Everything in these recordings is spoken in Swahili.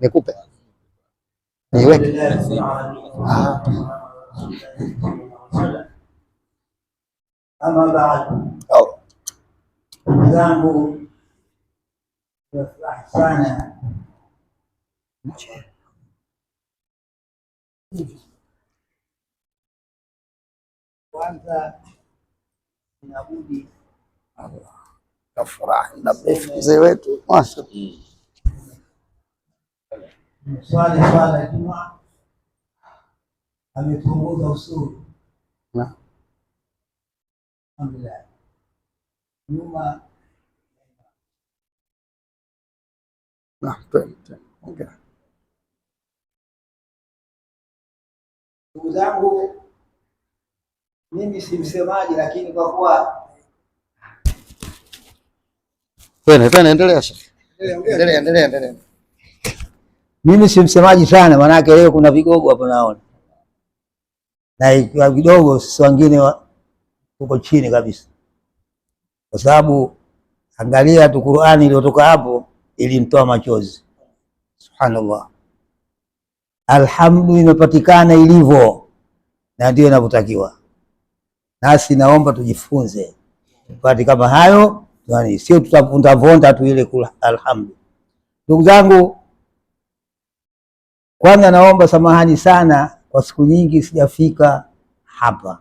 Nikupe niweke zangu. Ah. sana oh. kwanza, inabudi kafurahi nabefu mzee wetu masha hmm. swali swala ya Jumaa amepunguza usuru na alhamdulillah, nyuma ndugu zangu, mimi si msemaji, lakini kwa kuwa Endelea, endelea, endelea, endelea. Mimi si msemaji sana, maanake leo kuna vigogo hapo naona, na ikiwa kidogo sisi wengine tuko chini kabisa, kwa sababu angalia tu Qur'ani iliyotoka hapo ilimtoa machozi. Subhanallah, alhamdu imepatikana ilivyo, na ndio inavyotakiwa. Nasi naomba tujifunze pati kama hayo yani sio vonda tu ile kula. Alhamdu, ndugu zangu, kwanza naomba samahani sana kwa siku nyingi sijafika hapa,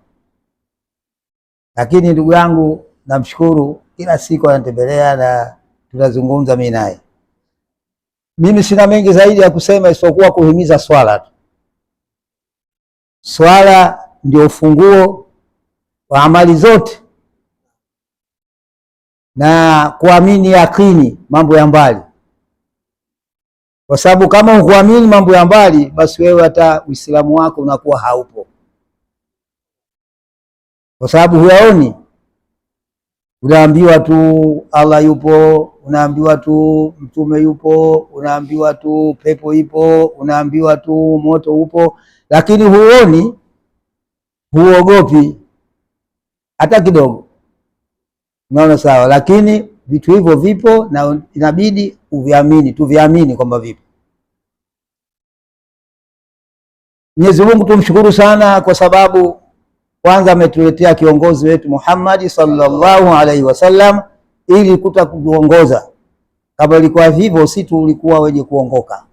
lakini ndugu yangu namshukuru, kila siku anatembelea na tunazungumza mimi naye. Mimi sina mengi zaidi ya kusema isipokuwa kuhimiza swala tu. Swala ndio ufunguo wa amali zote na kuamini yakini mambo ya mbali, kwa sababu kama hukuamini mambo ya mbali, basi wewe hata Uislamu wako unakuwa haupo, kwa sababu huyaoni. Unaambiwa tu Allah yupo, unaambiwa tu mtume yupo, unaambiwa tu pepo ipo, unaambiwa tu moto upo, lakini huoni, huogopi hata kidogo. Unaona sawa, lakini vitu hivyo vipo na inabidi uviamini, tuviamini kwamba vipo. Mwenyezi Mungu tumshukuru sana kwa sababu kwanza ametuletea kiongozi wetu Muhammad sallallahu alaihi wasallam ili kuta kutuongoza. Kama ilikuwa hivyo, si tulikuwa wenye kuongoka.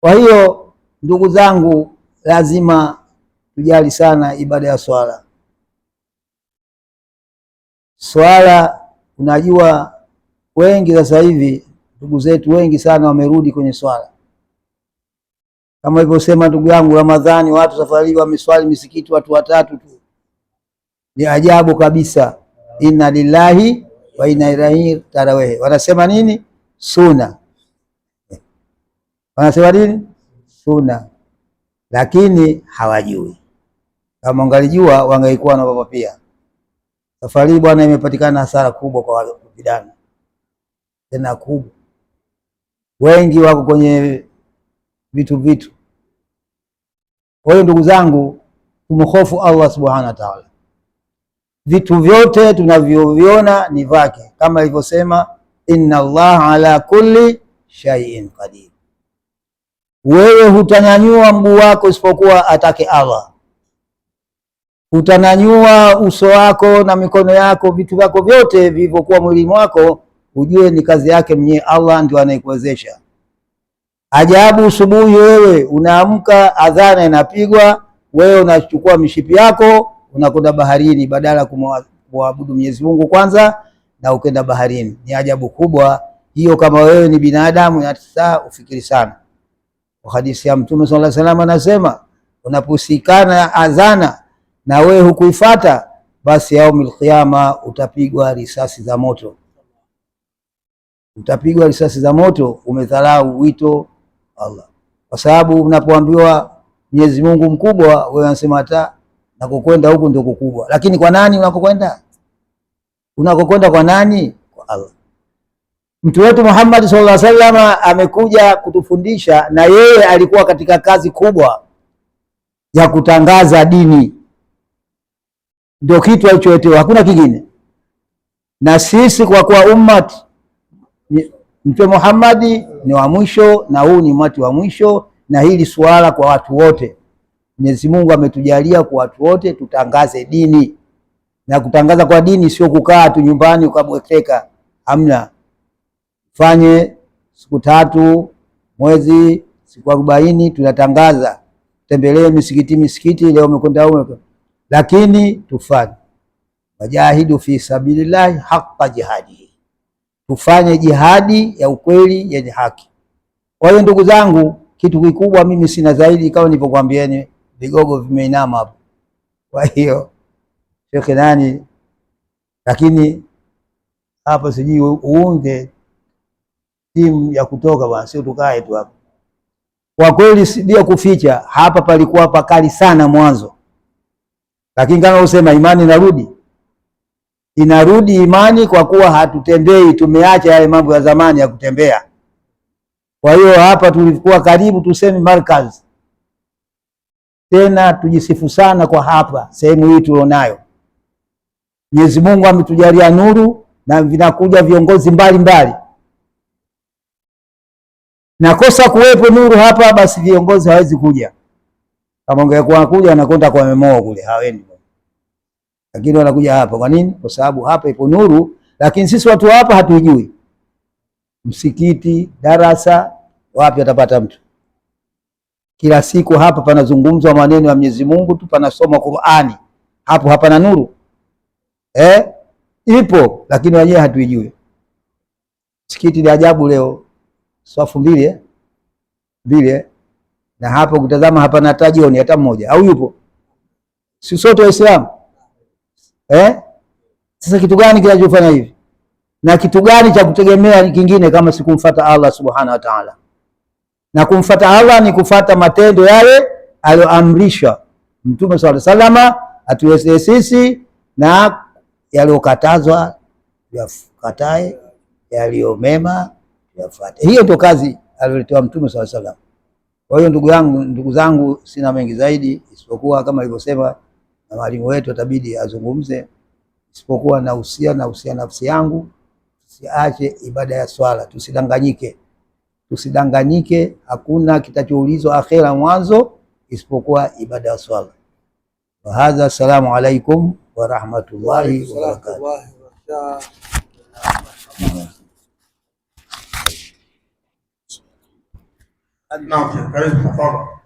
Kwa hiyo ndugu zangu, lazima tujali sana ibada ya swala. Swala unajua, wengi sasa hivi ndugu zetu wengi sana wamerudi kwenye swala, kama ilivyosema ndugu yangu Ramadhani, watu safari wameswali misikiti watu watatu tu, ni ajabu kabisa. Inna lillahi wa inna ilaihi tarawehe, wanasema nini? Suna, wanasema nini? Suna, lakini hawajui. Kama wangalijua wangaikuwa na baba pia Safari bwana, imepatikana hasara kubwa kwa vijana, tena kubwa. Wengi wako kwenye vitu vitu. Kwa hiyo ndugu zangu, tumhofu Allah subhanahu wa ta'ala. Vitu vyote tunavyoviona ni vake, kama ilivyosema inna Allah ala kulli shay'in qadir. Wewe hutanyanyua mguu wako isipokuwa atake Allah utananyua uso wako na mikono yako, vitu vyako vyote vilivyokuwa mwili wako, ujue ni kazi yake mwenyewe Allah, ndio anayekuwezesha. Ajabu, asubuhi wewe unaamka, adhana inapigwa, wewe unachukua mishipi yako unakwenda baharini, badala kumwabudu Mwenyezi Mungu kwanza na ukenda baharini. Ni ajabu kubwa hiyo. Kama wewe ni binadamu, inatakiwa ufikiri sana. Hadithi ya Mtume sallallahu alaihi wasallam anasema, unaposikana adhana na wewe hukuifata, basi yaumil qiyama utapigwa risasi za moto, utapigwa risasi za moto. Umedharau wito Allah, kwa sababu unapoambiwa Mwenyezi Mungu mkubwa, wewe unasema hata nakokwenda huku ndio kukubwa, lakini kwa nani unakokwenda? Unakokwenda kwa nani? Kwa Allah. Mtu wetu Muhammad sallallahu alaihi wasallam amekuja kutufundisha, na yeye alikuwa katika kazi kubwa ya kutangaza dini ndio kitu alicholetewa, hakuna kingine. Na sisi kwa kuwa ummati Mtume Muhammad ni wa mwisho na huu ni umati wa mwisho, na hili suala kwa watu wote. Mwenyezi Mungu ametujalia kwa watu wote tutangaze dini, na kutangaza kwa dini sio kukaa tu nyumbani ukabweteka, hamna. Fanye siku tatu mwezi, siku arobaini, tunatangaza. Tembelee misikiti, misikiti leo umekwenda lakini tufanye wajahidu fi sabilillahi haqqa jihadihi, tufanye jihadi ya ukweli yenye haki. Kwa hiyo ndugu zangu, kitu kikubwa mimi sina zaidi, kama nilivyokuambieni, vigogo vimeinama hapo. Kwa hiyo shekhe nani, lakini hapa sijui uunge timu ya kutoka bwana, sio tukae tu hapa. Kwa kweli, ndio kuficha hapa, palikuwa pakali sana mwanzo lakini kama usema imani inarudi, inarudi imani kwa kuwa hatutembei, tumeacha yale mambo ya zamani ya kutembea. Kwa hiyo hapa tulikuwa karibu tuseme markaz tena, tujisifu sana kwa hapa sehemu hii tulionayo. Mwenyezi Mungu ametujalia nuru na vinakuja viongozi mbalimbali na kosa kuwepo nuru hapa, basi viongozi hawezi kuja. Kama ungekuwa anakuja anakwenda kwa memoa kule, hawendi bwana, lakini wanakuja hapa. Kwa nini? Kwa sababu hapa ipo nuru, lakini sisi watu hapa hatuijui. Msikiti, darasa, wapi atapata mtu? Kila siku hapa panazungumzwa maneno ya Mwenyezi Mungu tu, panasoma Qur'ani, hapo hapana nuru eh? Ipo lakini wenyewe hatuijui. Msikiti ni ajabu, leo swafu mbili eh? mbili eh? na hapo ukitazama hapa na tajioni hata mmoja, au yupo? Si sote Waislamu eh? Sasa kitu gani kinachofanya hivi na kitu gani cha kutegemea kingine kama si kumfuata Allah subhanahu wa ta'ala? Na kumfuata Allah ni kufuata matendo yale aliyoamrisha Mtume sallallahu alaihi wasallam atuweze sisi, na yaliyokatazwa yakatae, yaliyomema yafuate. Hiyo ndio kazi aliyoletewa Mtume sallallahu alaihi wasallam. Kwa hiyo ndugu yangu, ndugu zangu, sina mengi zaidi isipokuwa kama alivyosema na mwalimu wetu, atabidi azungumze, isipokuwa na nahusia na nafsi yangu, tusiache ibada ya swala, tusidanganyike, tusidanganyike. Hakuna kitachoulizwa akhera mwanzo isipokuwa ibada ya swala. Wa hadha, assalamu alaikum wa rahmatullahi wa barakatuh. Naam, karibu. Tafadhali.